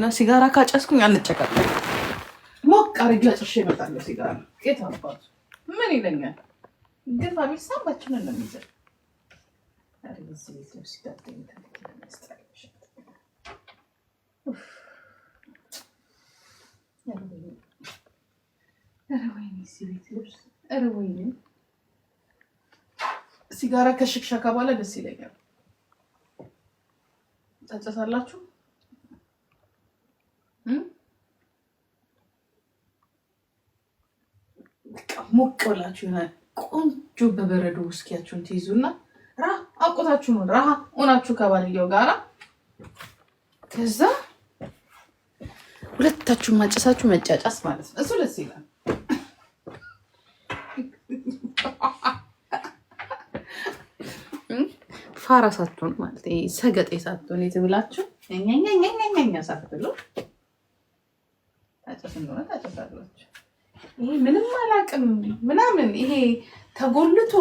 ቢና ሲጋራ ካጨስኩኝ አንጨቃለን። ሞቅ አድርጌ አጭሼ እመጣለሁ። ሲጋራ ጌታ አባቱ ምን ይለኛል? ግፋ ቢል ሳምባችንን ነው የሚዘል። ሲጋራ ከሽክሻካ በኋላ ደስ ይለኛል። ታጨሳላችሁ? ሞቅ ብላችሁ የሆነ ቆንጆ በበረዶ ውስኪያችሁን ትይዙና ራህ አውቆታችሁ ነው ሆናችሁ ከባልየው ጋራ ከዛ ሁለታችሁ ማጨሳችሁ መጫጫስ ማለት ነው። እሱ ደስ ይላል። ፋራ ሳትሆን ማለት ሰገጤ ሳትሆን የት ብላችሁ ኛኛኛኛኛ ሳትሉ ታጨስ እንደሆነ ታጨሳላችሁ። ይሄ ምንም አላውቅም ምናምን ይሄ ተጎልቶ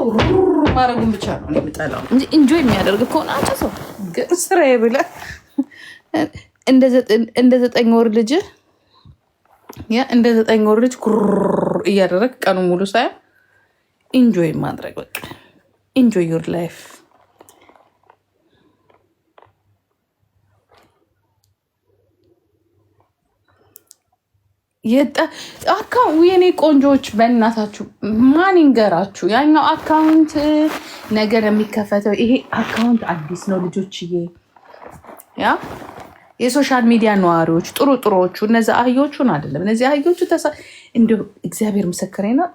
ማድረጉን ብቻ ነው የምጠላው እንጂ የሚያደርግ ከሆነ ግን ስራዬ እንደ ዘጠኝ ወር ልጅ ያ እንደ ዘጠኝ ወር ልጅ እያደረግ ቀኑ ሙሉ ሳይሆን ኢንጆይ ማድረግ በቃ ኢንጆይ ላይፍ አካውንት የኔ ቆንጆዎች በእናታችሁ ማን ይንገራችሁ? ያኛው አካውንት ነገር የሚከፈተው ይሄ አካውንት አዲስ ነው ልጆችዬ። ያ የሶሻል ሚዲያ ነዋሪዎች ጥሩ ጥሩዎቹ እነዚ አህዮቹን አይደለም እነዚ አህዮቹ ተሳ እንዲ እግዚአብሔር ምስክሬ ነው።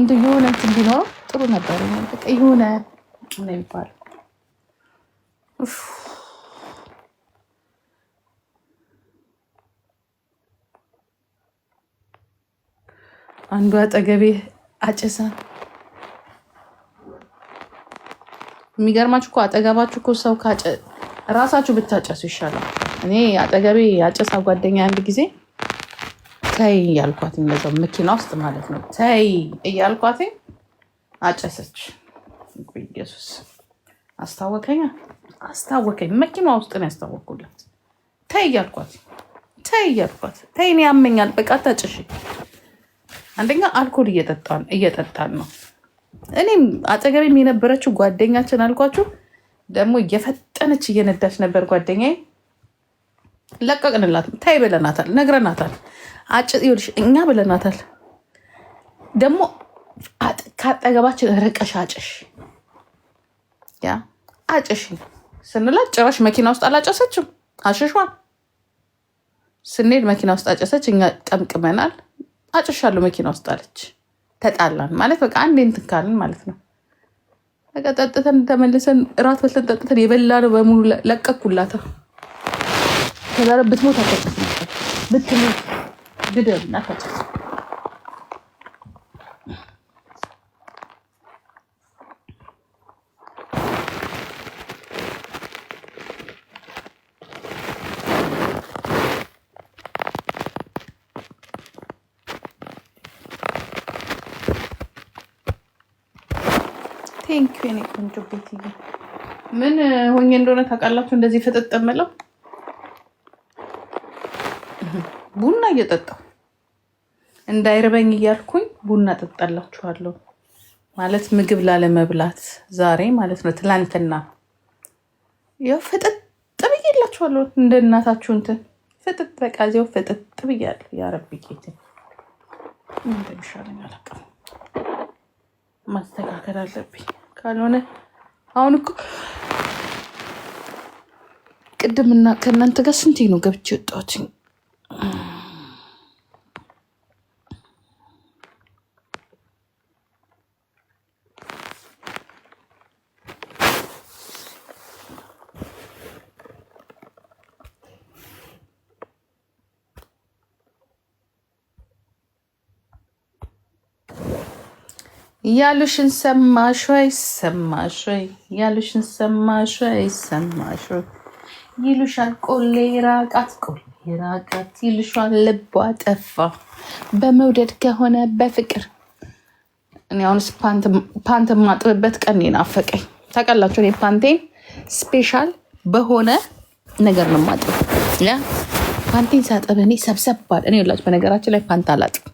እንዲ የሆነ እንትን ቢኖረው ጥሩ ነበር። የሆነ ነው የሚባለው አንዱ አጠገቤ አጭሳ የሚገርማችሁ እኮ አጠገባችሁ እኮ ሰው ራሳችሁ ብታጨሱ ይሻላል። እኔ አጠገቤ አጨሳ ጓደኛ አንድ ጊዜ ተይ እያልኳት እንደዚያው መኪና ውስጥ ማለት ነው ተይ እያልኳት አጨሰች። ኢየሱስ አስታወከኛ አስታወከኝ። መኪና ውስጥ ነው ያስታወቅኩላት። ተይ እያልኳት ተይ እያልኳት ተይ እኔ ያመኛል በቃ ታጭሽ አንደኛ አልኮል እየጠጣን ነው። እኔም አጠገቤም የነበረችው ጓደኛችን አልኳችሁ፣ ደግሞ እየፈጠነች እየነዳች ነበር ጓደኛ ለቀቅንላት። ታይ ብለናታል፣ ነግረናታል። ይኸውልሽ እኛ ብለናታል። ደግሞ ከአጠገባችን ርቀሽ አጭሽ ያ አጭሽ ስንላት ጭራሽ መኪና ውስጥ አላጨሰችም፣ አሽሿል። ስንሄድ መኪና ውስጥ አጨሰች። እኛ ጠምቅመናል። አጭሻለሁ መኪና ውስጥ አለች። ተጣላን ማለት በቃ አንዴ እንትን ካልን ማለት ነው። በቃ ጠጥተን ተመልሰን እራት በልተን ጠጥተን የበላ ነው በሙሉ ለቀኩላታ። ከዛ ብትሞት አታጭስ ነበር ብትሞት ግደብና ታጭ ቴንኪው የኔ ቆንጆ ቤትዬ። ምን ሆኜ እንደሆነ ታውቃላችሁ እንደዚህ ፍጥጥ የምለው ቡና እየጠጣሁ እንዳይርበኝ እያልኩኝ ቡና ጠጣላችኋለሁ። ማለት ምግብ ላለመብላት ዛሬ ማለት ነው። ትላንትና ያው ፍጥጥ ብዬላችኋለሁ እንደ እናታችሁ እንትን ፍጥጥ በቃ እዚያው ፍጥጥ ብያለሁ። ያረብ ጌት እንደሚሻለኝ አላውቅም። ማስተካከል አለብኝ። ካልሆነ አሁን እኮ ቅድምና ከእናንተ ጋር ስንቴ ነው ገብቼ ወጣሁት? ያሉሽን ሰማሽ ወይ ሰማሽ ወይ ያሉሽን ሰማሽ ወይ ሰማሽ ወይ ይሉሻል ቆሌ ራቃት ቆሌ ራቃት ይሉሻል ልቧ ጠፋ በመውደድ ከሆነ በፍቅር እኔ አሁንስ ፓንት ማጥብበት ቀን ናፈቀኝ ታውቃላችሁ እኔ ፓንቴን ስፔሻል በሆነ ነገር ነው ማጥብ ፓንቴን ሳጠብ እኔ ሰብሰብ ባል እኔ ላችሁ በነገራችን ላይ ፓንት አላጥብ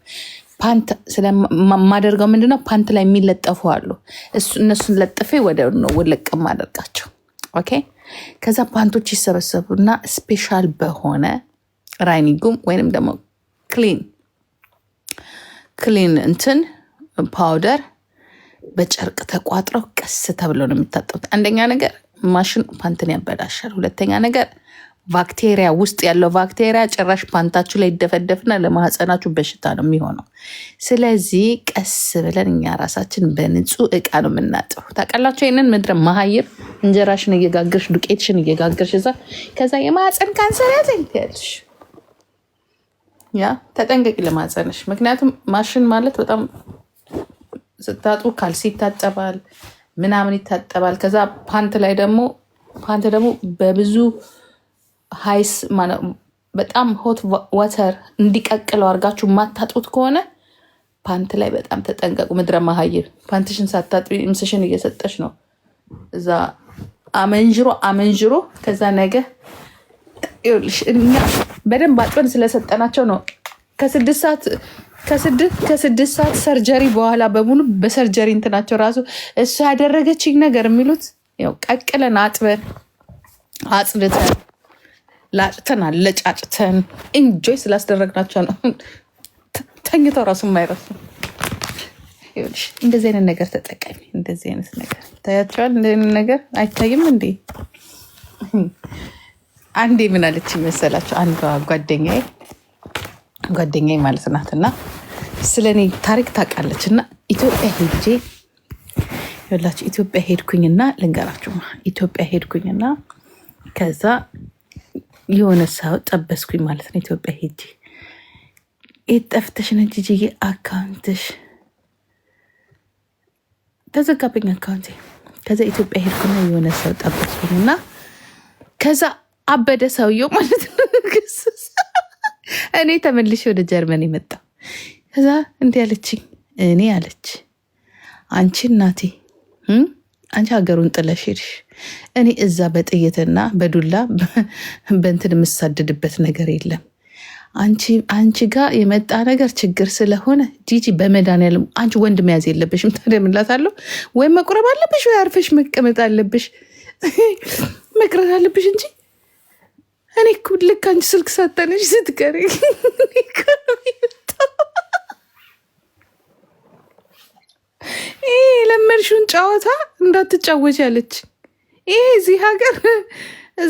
ፓንት ስለማደርገው ምንድነው ፓንት ላይ የሚለጠፉ አሉ። እነሱን ለጥፌ ወደ ውልቅ ማደርጋቸው። ኦኬ ከዛ ፓንቶች ይሰበሰቡና ስፔሻል በሆነ ራይኒጉም ወይንም ደግሞ ክሊን ክሊን እንትን ፓውደር በጨርቅ ተቋጥረው ቀስ ተብለው ነው የሚታጠቡት። አንደኛ ነገር ማሽን ፓንትን ያበላሻል። ሁለተኛ ነገር ባክቴሪያ ውስጥ ያለው ባክቴሪያ ጭራሽ ፓንታችሁ ላይ ይደፈደፍና ለማህፀናችሁ በሽታ ነው የሚሆነው። ስለዚህ ቀስ ብለን እኛ ራሳችን በንጹህ እቃ ነው የምናጠው ታውቃላችሁ፣ ይህንን ምድረ መሀይር እንጀራሽን እየጋገርሽ ዱቄትሽን እየጋገርሽ እዛ ከዛ የማህፀን ካንሰር ያዘኝ ትያለሽ። ያ ተጠንቀቂ ለማህፀንሽ። ምክንያቱም ማሽን ማለት በጣም ስታጡ ካልሲ ይታጠባል ምናምን ይታጠባል። ከዛ ፓንት ላይ ደግሞ ፓንት ደግሞ በብዙ ሀይስ በጣም ሆት ወተር እንዲቀቅለው አድርጋችሁ ማታጡት ከሆነ ፓንት ላይ በጣም ተጠንቀቁ። ምድረ መሀይም ፓንትሽን ሳታጥ ምስሽን እየሰጠች ነው እዛ አመንዥሮ አመንዥሮ ከዛ ነገ እኛ በደንብ አጥበን ስለሰጠናቸው ነው። ከስድስት ሰዓት ሰርጀሪ በኋላ በሙሉ በሰርጀሪ እንትናቸው ራሱ እሱ ያደረገችኝ ነገር የሚሉት ያው ቀቅለን አጥበን አጽድተን ላጭተናል፣ ለጫጭተን እንጆይ ስላስደረግናቸው ነው። ተኝተው ራሱ የማይረሱ እንደዚህ አይነት ነገር ተጠቀሚ። እንደዚህ አይነት ነገር ታያቸዋል። እንደዚህ አይነት ነገር አይታይም እንዴ? አንዴ ምን አለች መሰላቸው? አንዷ ጓደኛዬ ጓደኛዬ ማለት ናት እና ስለ እኔ ታሪክ ታውቃለች እና ኢትዮጵያ ሄጄ ይኸውላችሁ ኢትዮጵያ ሄድኩኝና ልንገራችሁ፣ ኢትዮጵያ ሄድኩኝና ከዛ የሆነ ሰው ጠበስኩኝ ማለት ነው። ኢትዮጵያ ሄጂ የጠፍተሽ ነች ጅዬ አካውንትሽ ተዘጋብኝ አካውንቴ። ከዛ ኢትዮጵያ ሄድኩና የሆነ ሰው ጠበስኩኝ እና ከዛ አበደ ሰውየው ማለት ነው። እኔ ተመልሼ ወደ ጀርመን የመጣ ከዛ እንዲህ አለችኝ። እኔ አለች አንቺ እናቴ አንቺ ሀገሩን ጥለሽ ሄድሽ። እኔ እዛ በጥይትና በዱላ በንትን የምሳደድበት ነገር የለም። አንቺ ጋር የመጣ ነገር ችግር ስለሆነ ጂጂ በመድኃኒዓለም አንቺ ወንድ መያዝ የለብሽም። ታዲያ ምን እላታለሁ? ወይም መቁረብ አለብሽ ወይ አርፈሽ መቀመጥ አለብሽ፣ መቅረት አለብሽ እንጂ እኔ ልክ አንቺ ስልክ ሳታነሽ ስትቀሪ ይሄ የለመድሽውን ጨዋታ እንዳትጫወች ያለች ይሄ እዚህ ሀገር